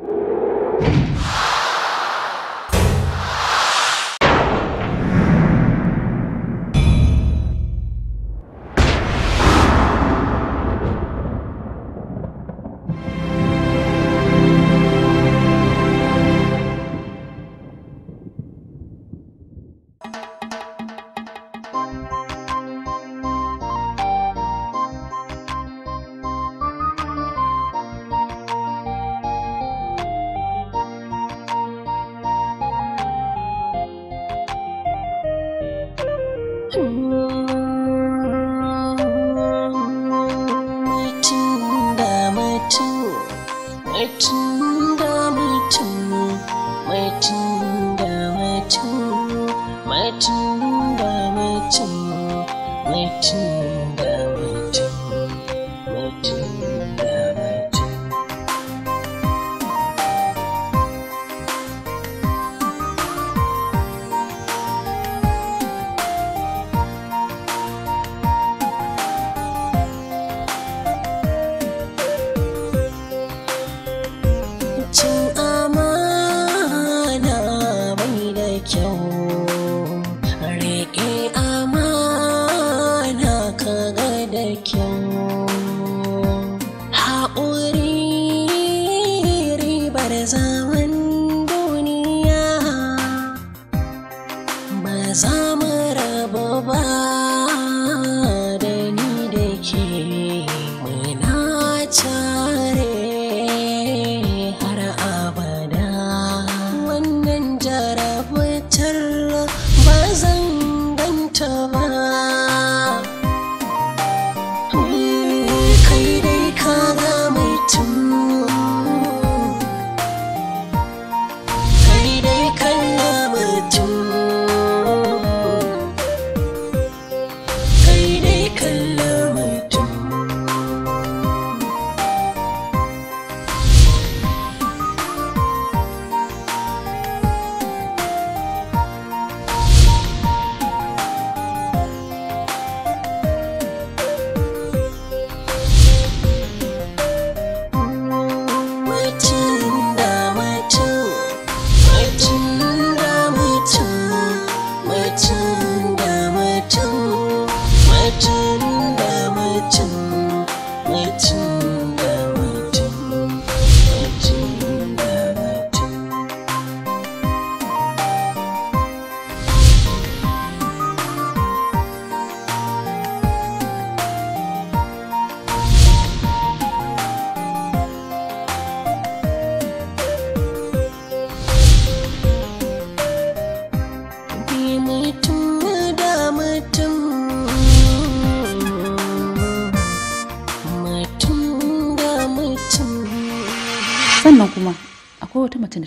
you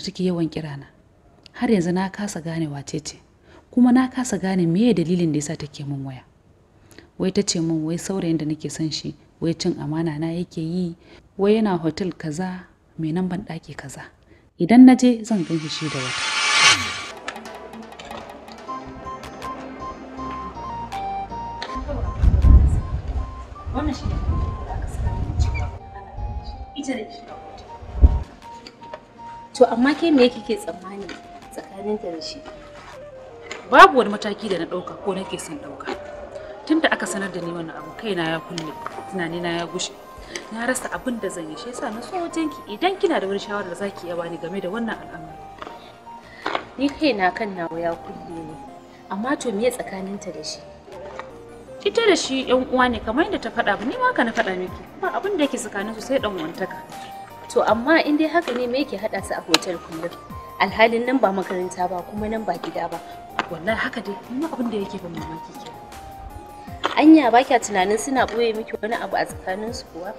suke yawan kirana har yanzu na kasa gane wace ce kuma na kasa gane meye dalilin da yasa take min waya wai ta ce min wai saurayin da nake son shi wai cin amana na yake yi wai yana hotel kaza mai nan ban kaza idan na je zan gai shi da wata wannan shi ne da aka sani da ita da shi To amma ke me ke tsammani tsakaninta da shi? Babu wani mataki da na ɗauka ko nake son ɗauka. Tun aka sanar da ni wannan abu kaina ya kulle, tunanina ya gushe. Na rasa abin da zan yi shi yasa na so wajenki idan kina da wani shawara da zaki yaba bani game da wannan al'amari. Ni kaina kan nawa ya kulle ne. Amma to me tsakaninta da shi? Ita da shi 'yan uwa ne kamar yadda ta faɗa ba ni ma ka na faɗa miki. Ba abin da yake tsakaninsu sai ɗan wantaka. to amma in dai haka ne me yake haɗa su a hotel kullum alhalin nan ba makaranta ba kuma nan ba gida ba wallahi haka dai kuma abin da yake ban mamaki ke anya ba kya tunanin suna ɓoye miki wani abu a tsakanin su kuwa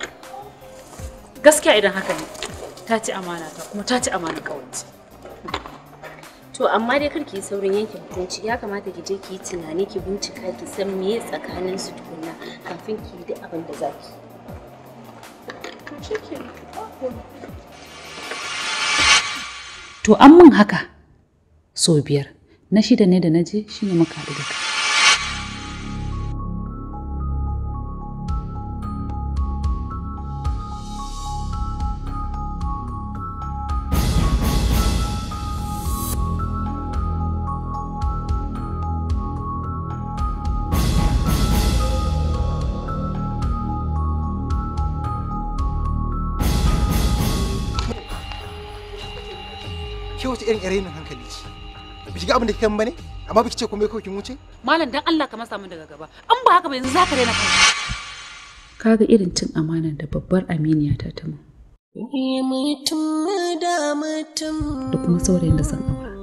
gaskiya idan haka ne ta ci amana ta kuma ta ci amana kawance to amma dai kar ki yi saurin yanke hukunci ya kamata ki je ki yi tunani ki bincika ki san me tsakanin su tukunna kafin ki yi duk abin da za ki To an mun haka sau biyar, na shida ne da na je shi ne muka haɗu ke wace irin irin hankali ce ba ga abin da kike bane amma biki ce komai kawai kin wuce malam dan Allah ka masa mun daga gaba an ba haka ba yanzu zaka daina kanka kaga irin cin amanar da babbar aminiya ta tamu mutum da mutum da kuma saurayin da san amana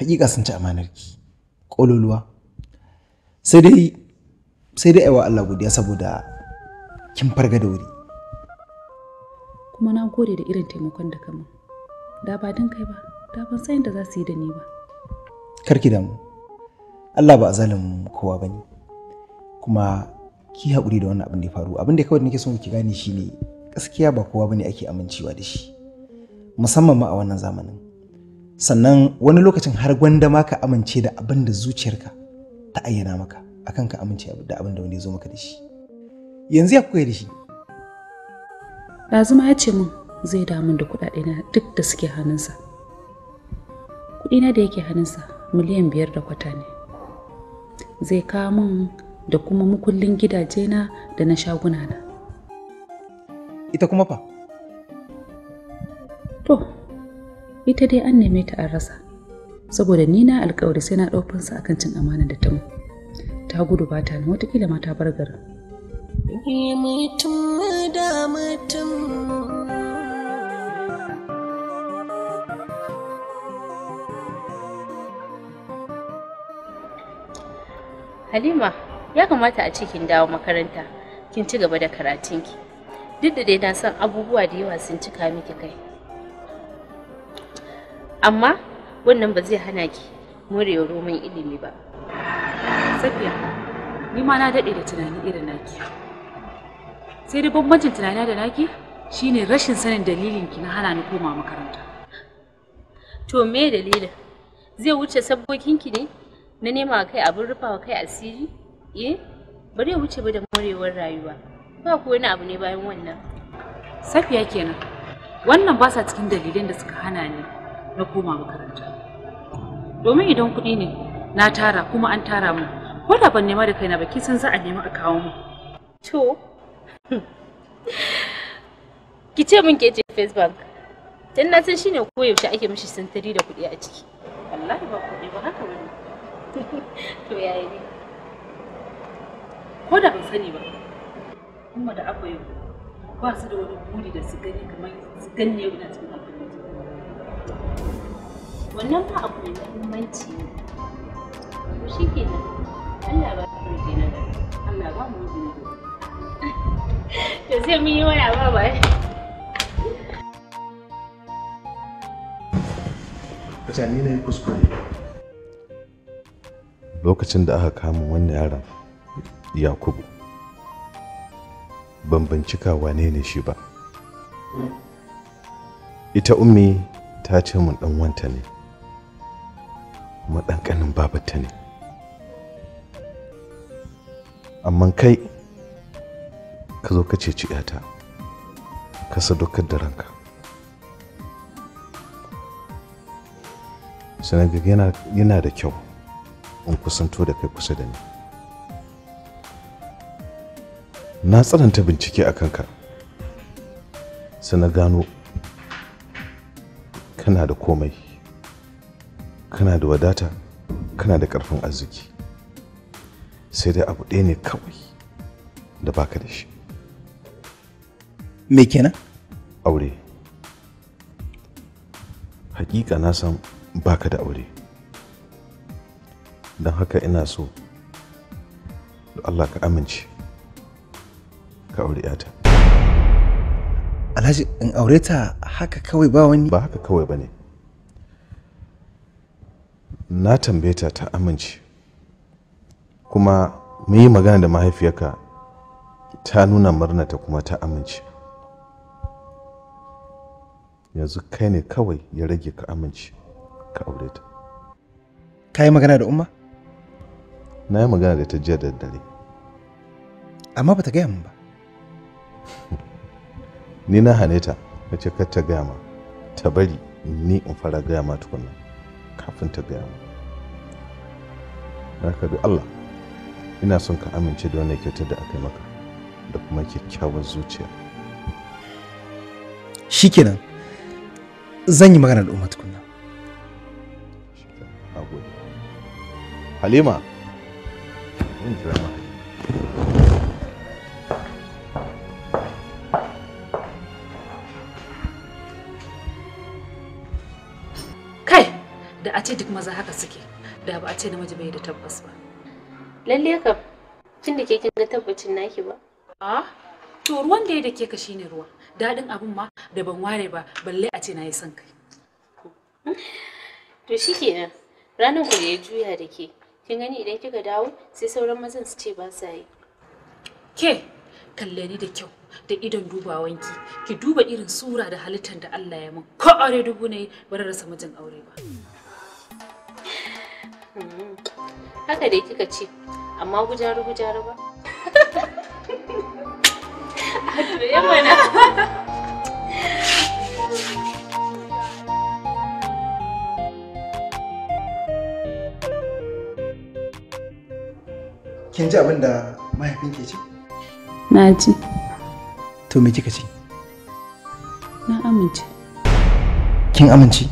hakika sun ci amanar ki kololuwa sai dai sai dai aiwa Allah godiya saboda kin farga da wuri kuma na gode da irin taimakon da kama da ba don kai ba da ban san yadda za su yi da ni ba karki damu Allah ba a zalimin kowa ba ne kuma ki haƙuri da wannan abin da ya faru abin da kawai nake son ki gane ne gaskiya ba kowa bane ake amincewa da shi musamman ma a wannan zamanin sannan wani lokacin har gwanda ma ka amince da abin da zuciyarka ta ayyana maka akan ka amince da abin da wani ya zo maka da shi yanzu ya kuka da shi Lazima ya ce min zai damun da kuɗaɗe na duk da suke hannunsa. Kuɗina da yake hannunsa miliyan biyar da kwata ne. Zai kawo min da kuma mukullin gidajena da na shaguna na. Ita kuma fa? To, ita dai an neme ta an rasa. Saboda ni na alkawari sai na ɗaukansa akan cin amana da ta mu. Ta gudu ba ta nan watakila ma ta bar garin. mutum da mutum Halima ya kamata a cikin dawo makaranta kin ci gaba da karatunki duk da dai na san abubuwa da yawa sun cika miki kai amma wannan ba zai hana ki murewa roman ilimi ba safiya ni ma na daɗe da tunani irin naki sai dai bambancin tunani da naki shine rashin sanin dalilin ki na hana ni koma makaranta to me dalilin zai wuce sabbokin ki ne na nema kai abin rufawa kai asiri eh bari ya wuce ba da morewar rayuwa ba ko wani abu ne bayan wannan safiya kenan wannan ba sa cikin dalilin da suka hana ni na koma makaranta domin idan kuɗi ne na tara kuma an tara mu ko da ban nema da kaina ba kin san za a nemi a kawo mu to ki ce min ke ce face bank dan na san shine yaushe ake mishi sintiri da kuɗi a ciki wallahi ba kuɗi ba haka bane to yayi ne ko da ban sani ba kuma da akwai yau ba su da wani buri da su gani kamar su ganye yana cikin abin wannan ba abu mai muhimmanci ne shi kenan Allah ba ka rage na Allah ba mu rage na da sai mun yi kuskure lokacin da aka kama wannan yaron yakubu ban bincika wane ne shi ba ita ummi ta ce mun dan wanta ne kuma dan kanin babata ne amma kai ka zo ka ceci 'yata ka sadaukar da ranka sanaga yana da kyau in kusanto da kai kusa da ni na tsananta bincike a kanka sana gano kana da komai kana da wadata kana da ƙarfin arziki sai dai abu ɗaya ne kawai da baka da shi me kenan aure hakika na san baka da aure don haka ina so Allah ka amince ka aure yata alhaji in aure ta haka kawai ba wani ba haka kawai ba ne na tambaye ta ta amince kuma mu yi magana da mahaifiyarka ta nuna murna ta kuma ta amince yanzu kai ne kawai ya rage ka amince ka aure ta ka yi magana da umma na yi magana da ta jiya da dare amma ba ta gaya min ba ni na hane ta na ce kar ta gaya ma ta bari ni in fara gaya ma tukunna kafin ta gaya ma Na bi Allah ina son ka amince da wannan kyautar da aka yi maka da kuma kyakkyawar zuciya shikenan zan yi magana da umar tukunna halima kai da a ce duk maza haka suke da ba a ce namiji bai da tabbas ba lalle kam tun da ke kin ga tabbacin naki ba a ah, to ruwan da ya da ke ka shi ne ruwa daɗin abun ma da ban ware ba balle a ce na yi son kai to shi kenan ranar ku ya juya da ke kin gani idan kika dawo sai sauran mazan su ce ba sa yi ke kalle ni da kyau da idon dubawanki ki duba irin sura da halittar da Allah ya min ko aure dubu ne bar rasa mijin aure ba hmm, haka dai kika ce amma gujaru gujaru ba Kin ji abin da mahaifin ke ce? Na ji. To me kika ce? Na amince. Kin amince? Eh.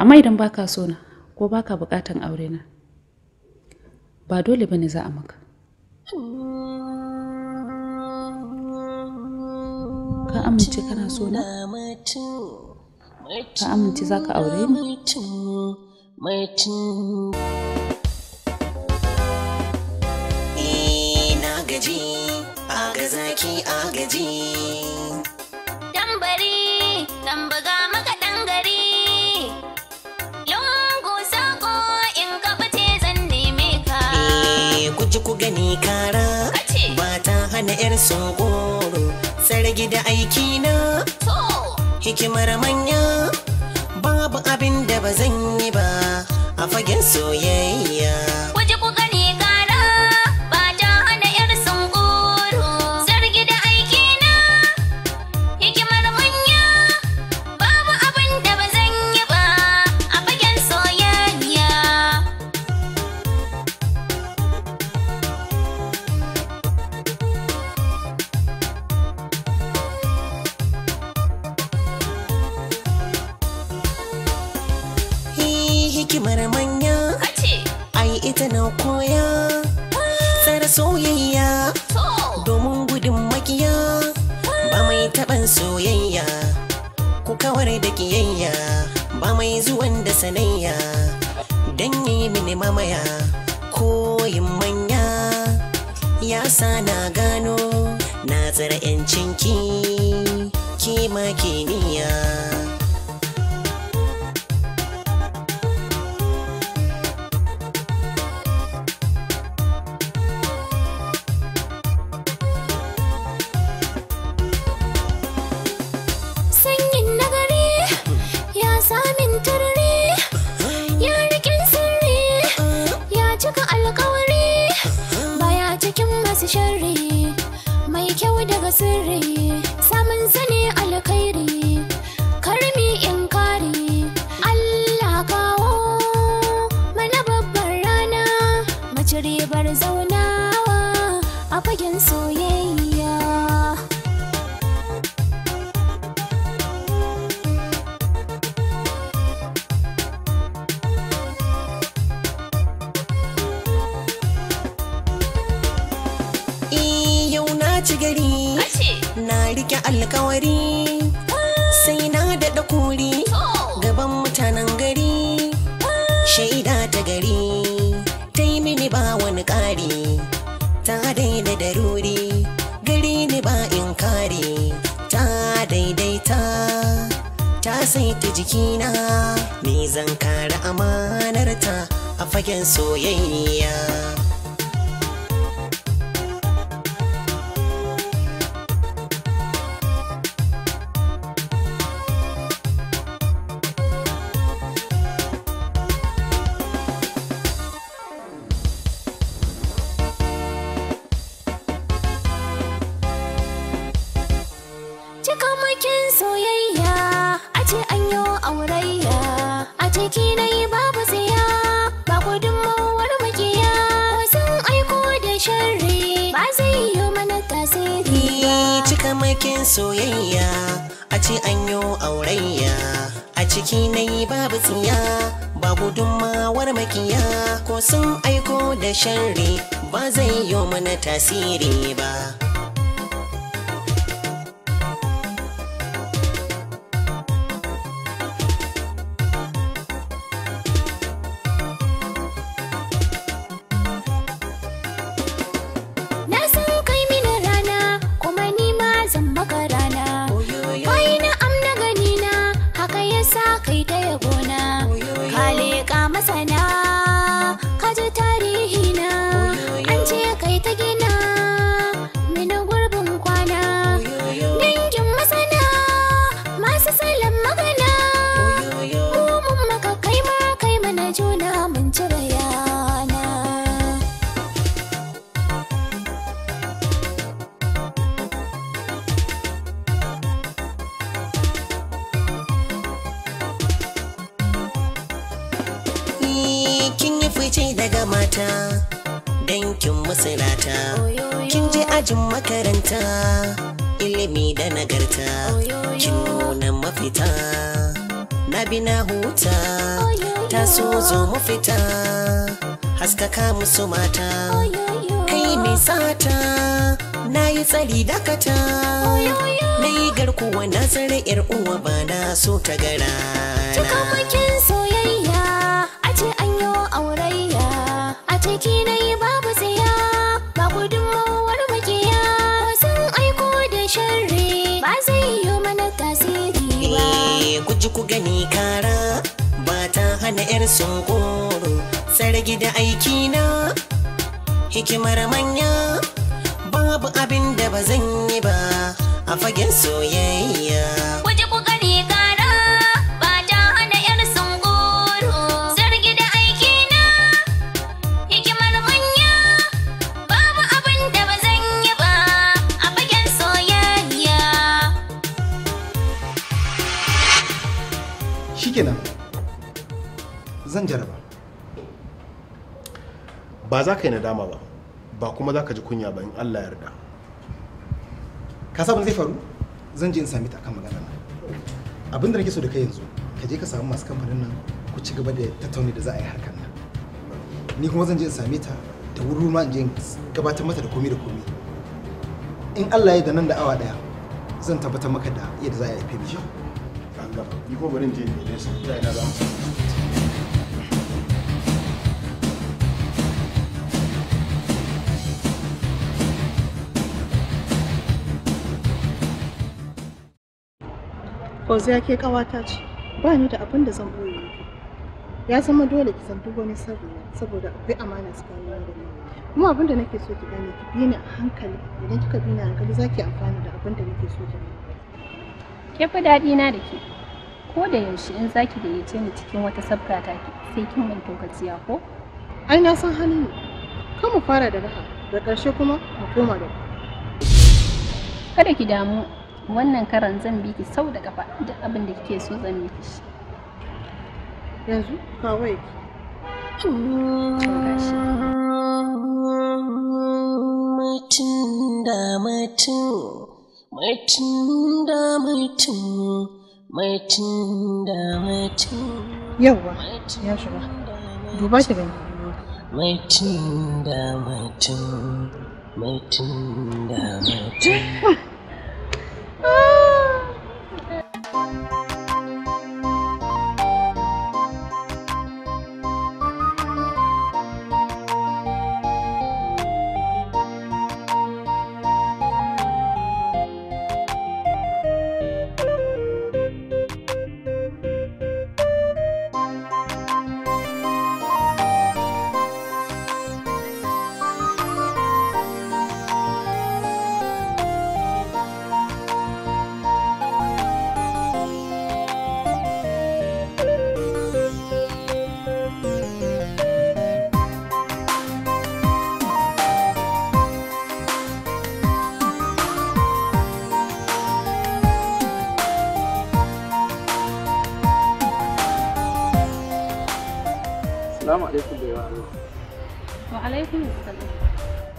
Amma idan baka so na ko baka bukatan aure na. Ba dole bane za a maka. ka amince kana so na ka amince za ka aure ni agaji agaji agaji tambari tambaga gani kara ba ta hana yar sogoro sargi da aiki na hikimar manya babu abin da ba zan yi ba a fagen soyayya waje cikin sharri mai kyau daga sirri aurayya a ciki na yi babu tsiya ba gudun mawar makiya sun aiko da sharri ba zai yi mana tasiri cika makin soyayya a ce an yi aurayya a ciki na yi babu tsiya ba gudunmawar makiya ko sun aiko da sharri ba zai yi mana tasiri ba makaranta ilimi da nagarta kin nuna mafita na bi na huta so zo mu fita haskaka musu mata kai mai sata na yi tsari dakata na yi garkuwa na tsare yar uwa ba na so ta gara soyayya a ce an yi aurayya a ciki na ji ku gani kara ba ta hana 'yar sun koro sargi da aiki na hikimar manya babu abin da ba zan yi ba a fagen soyayya ba za ka yi nadama ba ba kuma za ka ji kunya ba in Allah yarda ka sabon zai faru zan je in sami ta kan magana abin da nake so da kai yanzu ka je ka samu masu kamfanin nan ku ci gaba da tattauni da za a yi harkar nan ni kuma zan je in sami ta da wuri ma in je in gabatar mata da komi da komi in Allah ya da nan da awa daya zan tabbatar maka da yadda za a yi febi an gaba ni kuma bari in je in nesa ina za mu ya ke kawata ce, ba ni da abin da zan boye maka. Ya zama dole ki san duk wani sirri saboda akwai amana tsakanin da ni. Kuma abin da nake so ki gane ki bi ni a hankali, idan kika bi ni a hankali za ki amfana da abin da nake so ki gani. Ke fa daɗi na da ke. Ko da yaushe in za ki gayyace ni cikin wata sabga ta ki sai kin min tokaciya ko? Ai na san hali ne. Kan mu fara da raha, da ƙarshe kuma mu koma da ku. Kada ki damu, wannan karan zan biki sau da kafa duk abin da kike so zan miki shi yanzu kawai ki mutum da ya shiga duba shi gani tun da mai tun da Ah!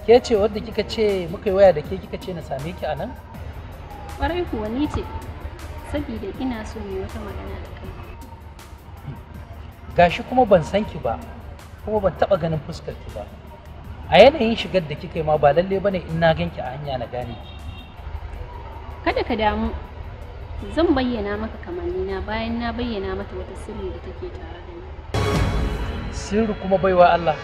ke ce wadda kika ce muka yi waya da ke kika ce na same ki a nan? Ƙwarai kuwa ni ce, saboda ina so ne wata magana da kai. Gashi kuma ban san ki ba, kuma ban taɓa ganin fuskar ki ba. A yanayin shigar da kika yi ma ba lalle bane in na ganki a hanya na gane ki. Kada ka damu, zan bayyana maka na bayan na bayyana mata wata sirri da take tare da ni. Sirri kuma baiwa Allah.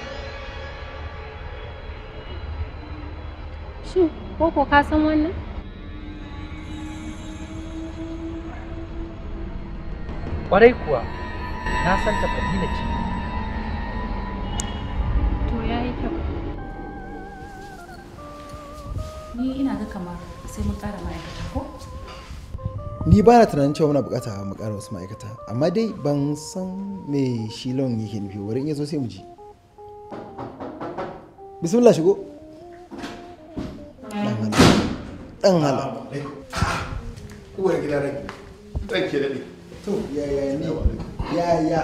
Shin koko ka san wannan? Kwarai kuwa na san ta fadila ce. To ya yi kyau. Ni ina ga kamar sai mun ƙara ma'aikata ko? Ni ba na tunanin cewa muna bukata mu ƙara wasu ma'aikata, amma dai ban san me shi lawan yake nufi wurin ya zo sai mu ji. Bismillah shigo. dan hala uwar gida rai ran ke daɗe to ya ne yaya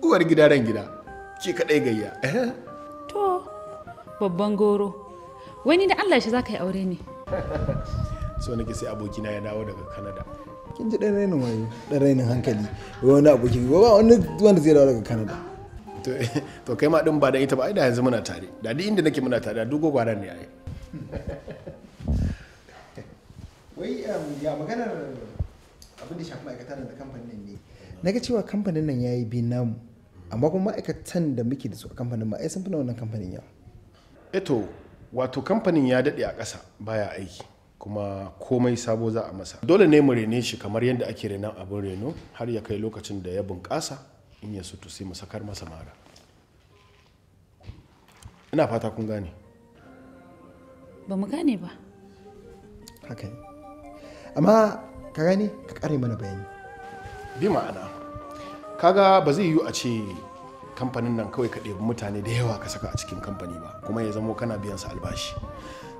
uwar gida ran gida ke kaɗai gayya eh? to babban goro wani da allah shi za ka yi aure ne so nake sai abokina ya dawo daga canada kin ji ɗan rainin wayo ɗan rainin hankali wani abokin ba wani wanda zai dawo daga canada to kai ma din ba da ita ba ai da yanzu muna tare da duk inda nake muna tare da dugo gwaran ne ai wai um, ya maganar abin da shafi ma'aikata da kamfanin ne na ga cewa kamfanin nan ya yi bi namu amma kuma ma'aikatan da muke da su a kamfanin ma ai sun fi na wannan kamfanin yawa eto eh wato kamfanin ya daɗe a ƙasa baya aiki kuma komai sabo za a masa dole ne mu rene shi kamar yadda ake renon abin reno har ya kai lokacin da ya bunƙasa in ya sutu sai mu sakar masa mara ina fata kun gane ba mu gane ba haka yi amma ka gane ka kare mana bayani bi ma'ana kaga ba zai yiwu a ce kamfanin nan kawai ka ɗebi mutane da yawa ka saka a cikin kamfani ba kuma ya zama kana biyan su albashi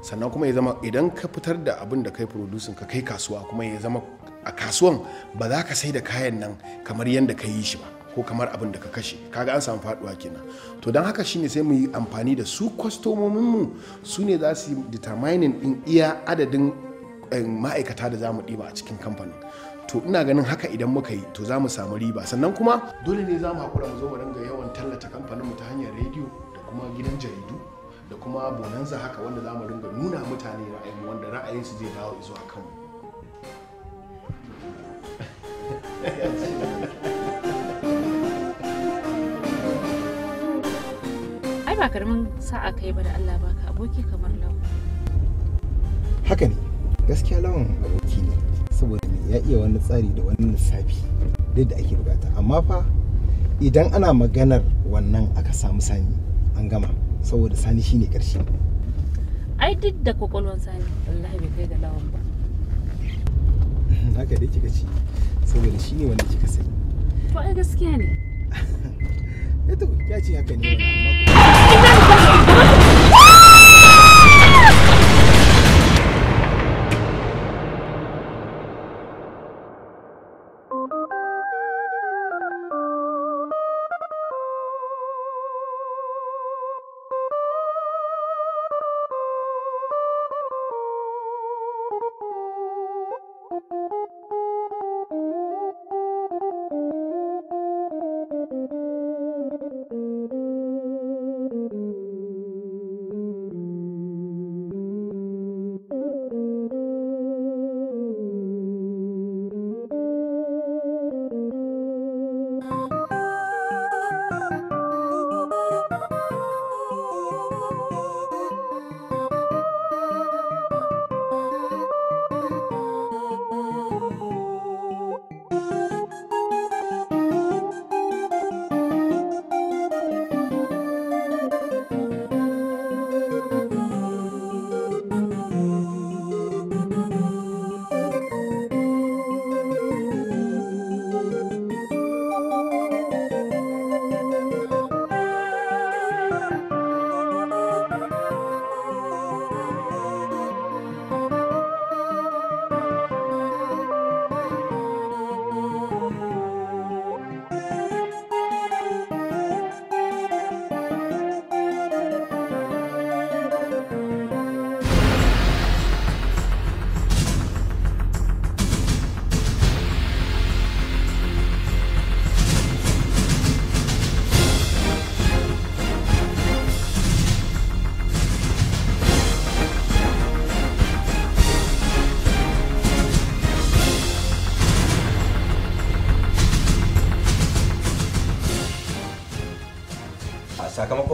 sannan kuma ya zama idan ka fitar da abin da kai producing ka kai kasuwa kuma ya zama a kasuwan ba za ka sai da kayan nan kamar yadda ka yi shi ba ko kamar abin da ka kashe kaga an samu faduwa kenan to don haka shine sai mu yi amfani da su kwastomominmu mu su ne za su determining din iya adadin eh, ma'aikata da za mu ɗiba a cikin kamfanin to ina ganin haka idan muka yi to za mu samu riba sannan kuma dole ne za mu haƙura mu zo mu ringa yawan tallata kamfanin mu ta hanyar rediyo da kuma gidan jaridu da kuma bonanza haka wanda za mu ringa nuna mutane ra'ayin wanda ra'ayin su zai dawo zuwa kanmu ba karamin sa'a kai ba da Allah baka aboki kamar lawan haka ne gaskiya lawan aboki ne saboda me ya iya wani tsari da wani lissafi duk da ake bukata amma fa idan ana maganar wannan aka samu sani an gama saboda sani shine karshe ai duk da kwakwalwan sani wallahi bai kai ga lawan ba haka dai kika ce saboda shine wanda kika sani Ko ai gaskiya ne eh ya ce haka ne amma Ah!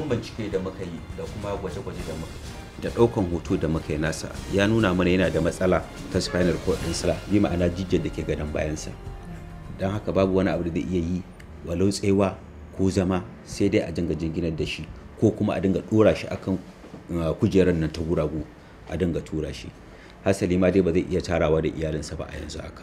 bincike da muka yi da kuma gwaje-gwaje da muka da ɗaukan hoto da muka yi nasa ya nuna mana yana da matsala ta spinal cord sa bi ma'ana jijjar da ke gadon bayansa dan haka babu wani abu da zai iya yi walau tsewa ko zama sai dai a dinga jinginar da shi ko kuma a dinga ɗora shi akan uh, kujerar nan ta guragu a dinga tura shi hasali ma dai ba zai iya tarawa da iyalinsa ba a yanzu haka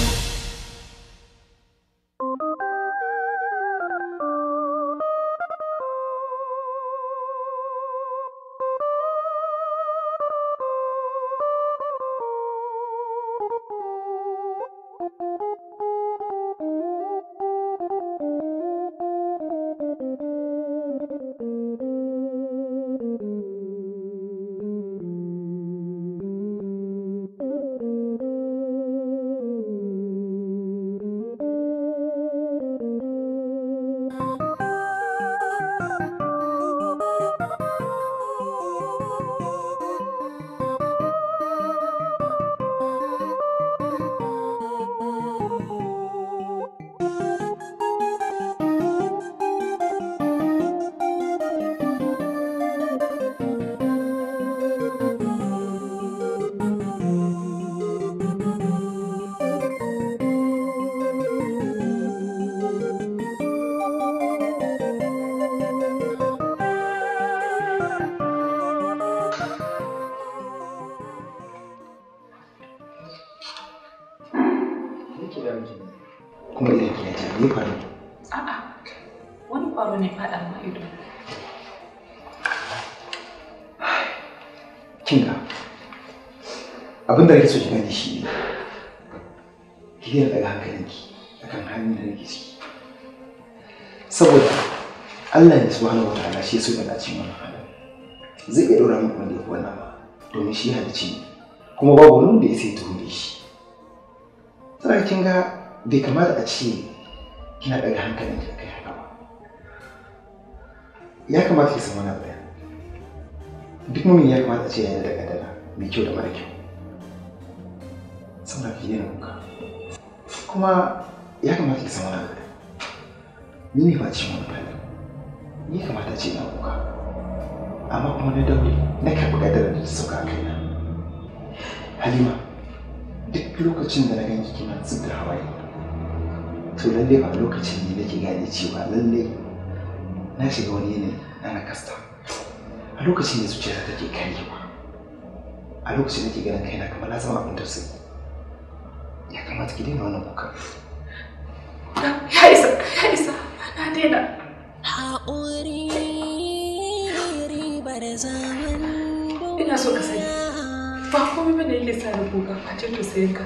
kinga abin da nake so ki gane shi ne ki daina daga hankalinki kan hannun da nake su saboda Allah ne su wa wata shi ya da cikin wannan halin zai iya dora muku wanda ya kuwa nama domin shi halicci ne kuma babu wani da ya sai tuhume shi Tana kin ga bai kamata a ce kina daga hankalinki kai haka ba ya kamata ki san wani abu duk mamin ya kamata ce yana da kadara mai kyau da mara kyau saboda ki yi kuka kuma ya kamata ki san wani abu ni ne ba cikin wani fannin ni kamata ce na kuka amma kuma na daure na karɓi kadara da sauka a kaina halima duk lokacin da na ganki kina zub da hawaye to lallai ba lokacin ne nake gane cewa lallai na shiga wani yanayi na kasta. a lokacin da zuciyata take karyewa a lokacin da ke ganin kaina kamar na zama abin tausayi ya kamata ki daina wannan kuka ya isa ya isa na daina haƙuri ribar zaman ina so ka sani ba komai bane yi lissa da kuka fatin tausayin ka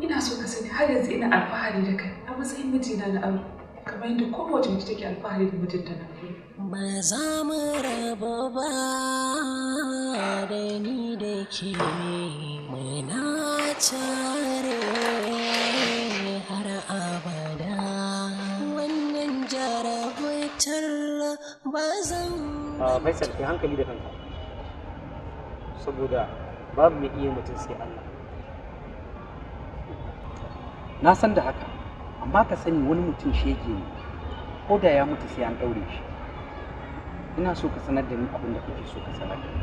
ina so ka sani har yanzu ina alfahari da kai a matsayin mijina na aure kamar yadda kowace mace take alfahari da mijinta na ba za mu rabu ba da ni da ke muna tare har abada wannan jarabtar ba zan faisal ke hankali da kanka saboda babu mai iya mutum sai Allah na san da haka amma ka sani wani mutum shege ne ko da ya mutu sai an ɗaure shi ina so ka sanar da ni abin da kake so ka sanar da ni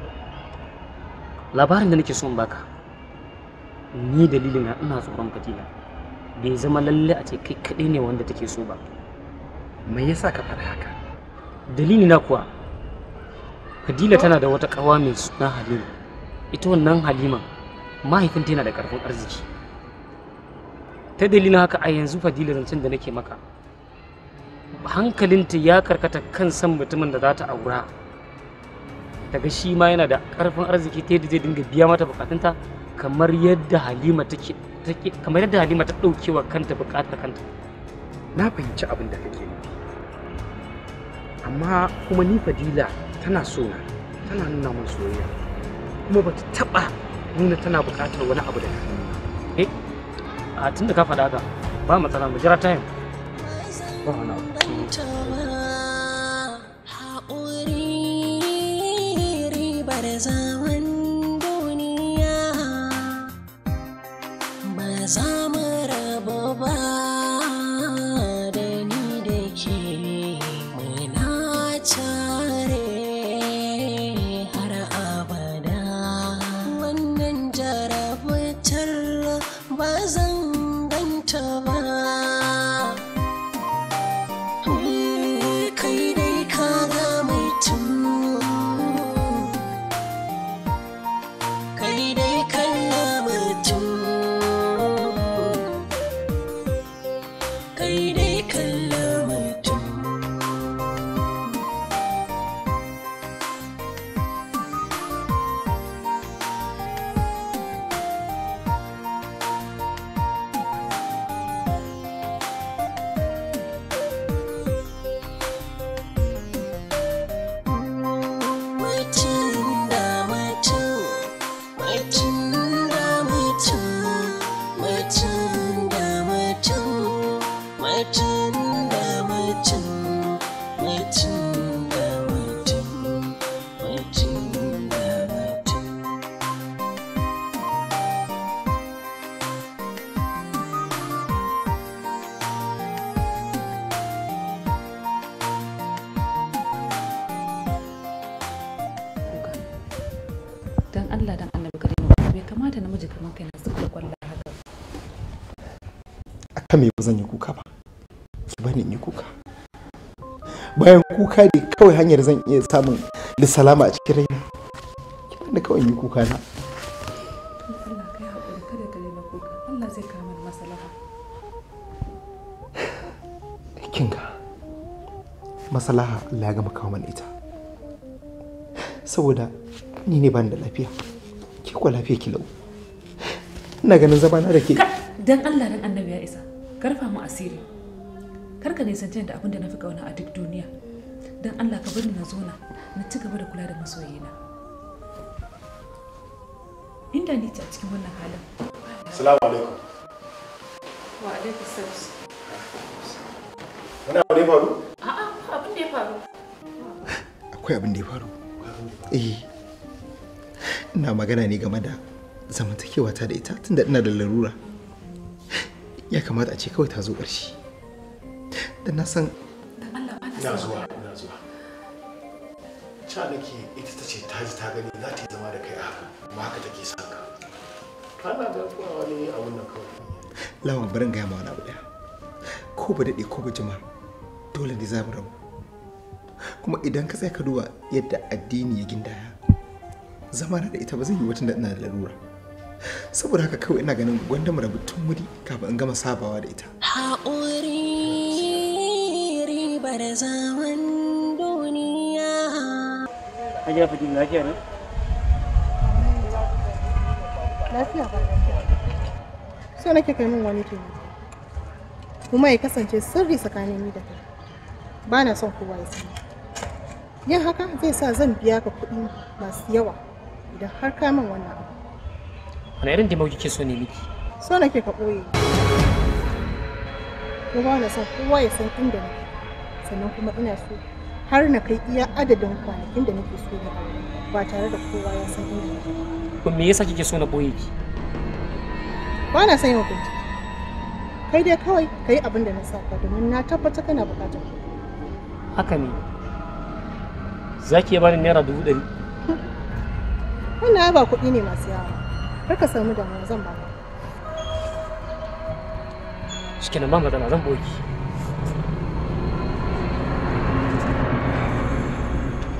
labarin da nake son baka ni dalilin na ina tsoron katila bai zama lalle a ce kai kaɗai ne wanda take so ba me yasa ka faɗa haka dalili na kuwa kadila tana da wata ƙawa mai suna Halima ita wannan Halima mahaifinta yana da ƙarfin arziki ta dalilin haka a yanzu fadila zancen da nake maka hankalinta ya karkata kan san mutumin da za ta aura daga shi ma yana da karfin arziki ta yadda zai dinga biya mata bukatunta kamar yadda halima take kamar yadda halima ta ɗauke wa kanta bukatar kanta na fahimci abin da kake nufi amma kuma ni fadila tana na tana nuna min soyayya kuma bata taɓa nuna tana bukatar wani abu da eh a tunda ka faɗa ka ba matsala mu jira time ba wani abu haƙuri ribar me ba zan yi kuka ba ki bani ni yi kuka bayan kuka ne kawai hanyar zan iya samun lissalama a cikin raina ki bani kawai in yi kuka na kinga masalaha Allah ya gama kawo mana ita saboda ni ne bani da lafiya ke kuwa lafiya ki lau ina ganin zama na da ke dan Allah dan annabi ya isa karfa mu asiri karka ne san da abin da na fi kauna a duk duniya don allah ka bari na zona na ci gaba da kula da masoyina inda ni ce a cikin wannan halin salamu alaikum wa alaikum salam wani abu ne faru a'a abin da ya faru akwai abin da ya faru eh ina magana ne game da zamantakewa ta da ita tunda ina da larura ya kamata a ce kawai ta zo ƙarshe da na san na zuwa na zuwa ca nake ita ta ce ta ji ta gani za ta yi zama da kai a haka ma haka take sa ka kana da kowa ne a wannan kawai lawa barin gaya ma wani abu daya ko ba daɗe ko ba jima dole ne za mu rabu kuma idan ka tsaya ka duba yadda addini ya gindaya zama da ita ba zai yi wata da ina da lalura saboda haka kawai ina ganin gwanda mu rabu tun wuri kafin in gama sabawa da ita haƙuri ribar zaman duniya an yi fadin lafiya ne lafiya ba lafiya so nake kai min wani tuni kuma ya kasance sirri tsakanin ni da kai ba na son kowa ya sani yin haka zai sa zan biya ka kuɗi masu yawa idan har ka min wannan abu wani irin dimau kike so ne miki so nake ka ɓoye ko ba na san kowa ya san inda nake sannan kuma ina so har na kai iya adadin kwanakin da nake so ne ba tare da kowa ya san inda ne. ko me yasa kike so na ɓoye ki ba na san yau bincike kai dai kawai ka yi abin da na saka domin na tabbata kana bukatar haka ne za ki iya bani naira dubu ɗari wannan ba kuɗi ne masu yawa Kar ka samu damuwa zan ba ka. Shikenan ba magana zan boki.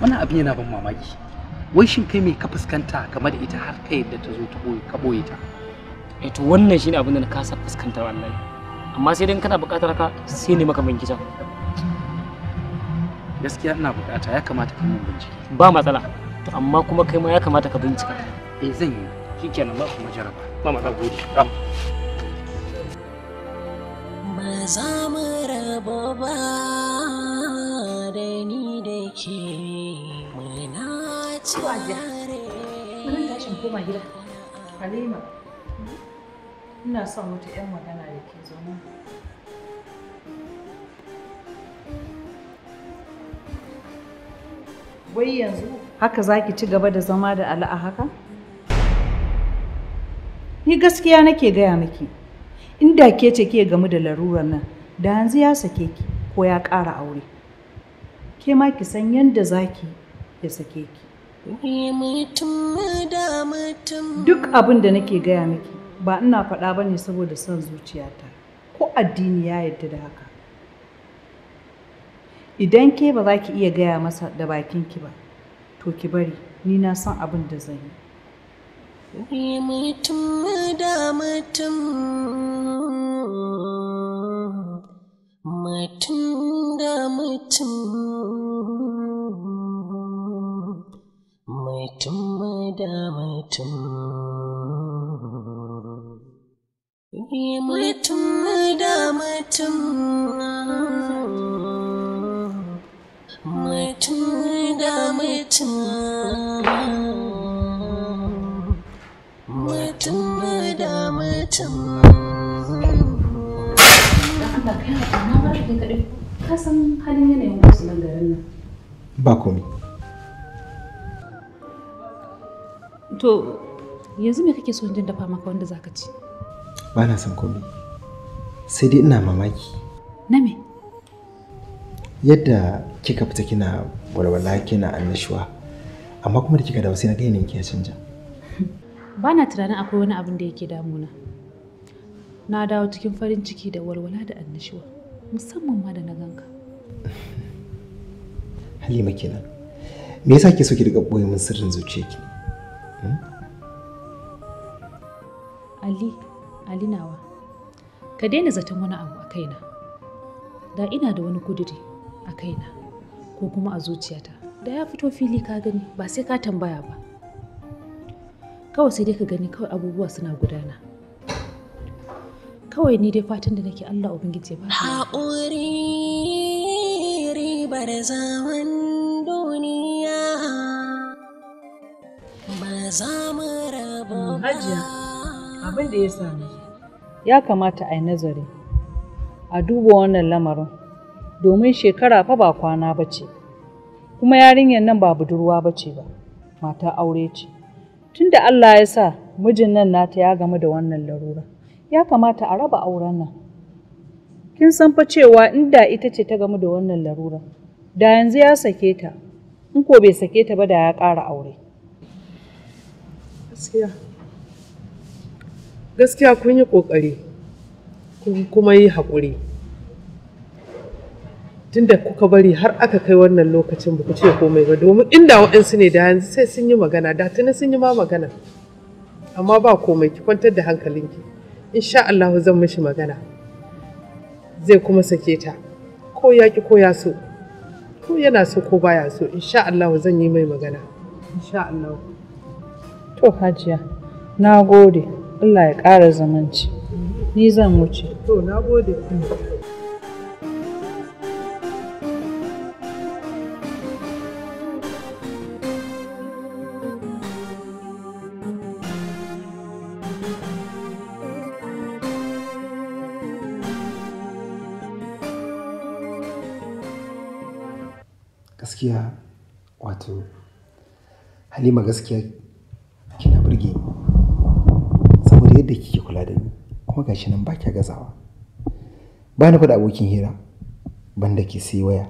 Wannan abin yana ban mamaki. Wai shin kai me ka fuskanta game da ita har ka yadda ta zo ta boye ka boye ta? Eh to wannan shine abin da na kasa fuskanta wallahi. Amma sai dan kana bukatar ka sai ne maka bincike. Gaskiya ina bukata ya kamata ka mun bincike. Ba matsala. To amma kuma kai ma ya kamata ka bincika. Eh zan yi. shikenan ba kuma jaraba ba ma gode ba za mu rabo ba da ni da ke muna tare Mun tashin koma gida. Halima, ina son wata 'yan magana da ke zama. Wai yanzu haka za ki ci gaba da zama da ala'a haka? ni gaskiya nake gaya miki inda ke ce ke gamu da larurar nan da yanzu ya sake ki ko ya ƙara aure ke ma ki san yadda zaki ya sake ki duk abin da nake gaya miki ba ina faɗa ba ne saboda son zuciyata ko addini ya yadda da haka idan ke ba za ki iya gaya masa da bakinki ba to ki bari ni na san abin da zan yi mutum da mutum mutum da mutum mutum da mutum mutum da mutum mutum da mutum mutum da mutum san halin yanayin wasu nan nan ba komi. to yanzu me kake son jin dafa maka wanda zaka ci ba na son komi. sai dai ina mamaki na me yadda kika fita kina walwala kina annashuwa amma kuma da kika dawo sai na ga yanayin ki ya canja ba na tunanin akwai wani abin da yake damuna na dawo cikin farin ciki da walwala da annashuwa musamman ma da na ganka halima kenan me yasa ke so ki riga boye min sirrin zuciyarki hmm? ali ali nawa ka daina zaton wani abu a kaina da ina da wani kudiri a kaina ko kuma a zuciyata da ya fito fili ka gani ba sai ka tambaya ba kawai sai dai ka gani kawai abubuwa suna gudana kawai ni dai fatan da nake Allah ubangiji ba haƙuri ribar zaman duniya ba za mu rabu mm, hajiya abin da ya sami ya kamata a yi nazari a duba wannan lamarin domin shekara fa ba kwana ba ce kuma yarinyar nan ba budurwa ba ce ba mata aure ce da Allah ya sa mijin nan nata ya gamu da wannan larura, ya kamata a raba auren nan. Kin san fa cewa inda ita ce ta gamu da wannan larura, da yanzu ya sake ta, in ko bai sake ta ba da ya ƙara aure. Gaskiya. Gaskiya kun yi ƙoƙari, kun kuma yi haƙuri. tunda kuka bari har aka kai wannan lokacin ba ku ce komai ba domin inda waɗansu ne da yanzu sai sun yi magana da tuni sun yi ma magana amma ba komai ki kwantar da hankalinki insha Allah zan mishi magana zai kuma sake ta ko ya ki ko ya so ko yana so ko baya so insha Allah zan yi mai magana insha Allah to hajiya na gode Allah ya ƙara zamanci ni zan wuce to na gode Halima gaskiya kina burge ni saboda yadda kike kula da ni kuma gashi nan ba kya gazawa. Ba ni abokin hira banda ke sai waya.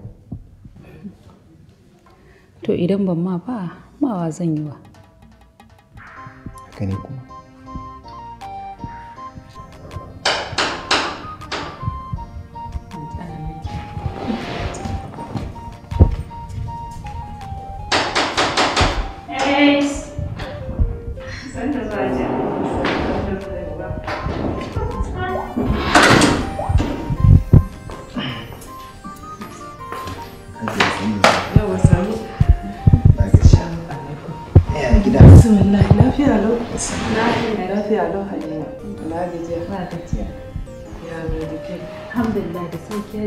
To idan ban ma ba, ma zan yi wa? Haka ne kuma.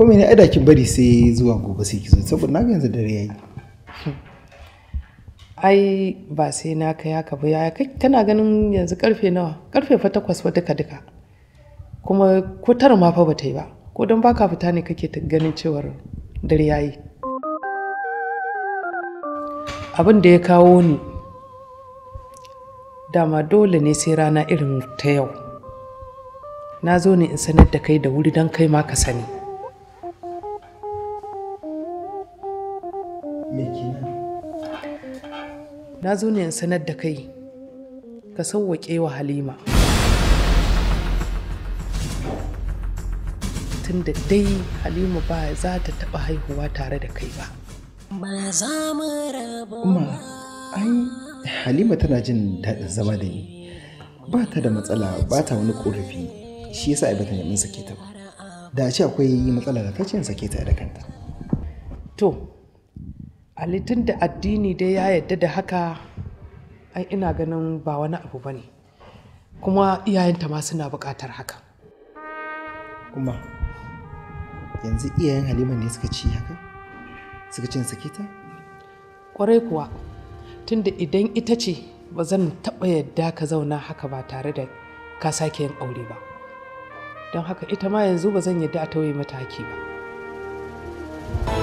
ko mene ai da kin bari sai zuwa gobe sai kizo saboda na ga yanzu dare yayi ai ba sai na kai haka ba yaya kai kana ganin yanzu karfe nawa karfe fa takwas fa duka duka kuma ko tara ma fa bata yi ba ko don baka fita ne kake ganin cewar dare yayi abin da ya kawo ni dama dole ne sai rana irin ta yau na zo ne in sanar da kai da wuri don kai ma ka sani na zo ne in sanar da kai ka sauwaƙe wa halima tunda dai halima ba za ta taɓa haihuwa tare da kai ba kuma ai halima tana jin daɗin zama da ni ba ta da matsala ba ta wani ƙorafi shi yasa ai bata neman sake ta ba da a ce akwai matsala da ta ce sake ta da kanta to litin da addini dai ya yadda da haka ai ina ganin ba wani abu ba ne kuma iyayenta ma suna buƙatar haka kuma yanzu iyayen halima ne suka ci haka suka cin sakita ta kuwa tunda idan ita ce ba zan taɓa yadda ka zauna haka ba tare da ka sake yin aure ba don haka ita ma yanzu ba zan yadda a tauye mata haki ba.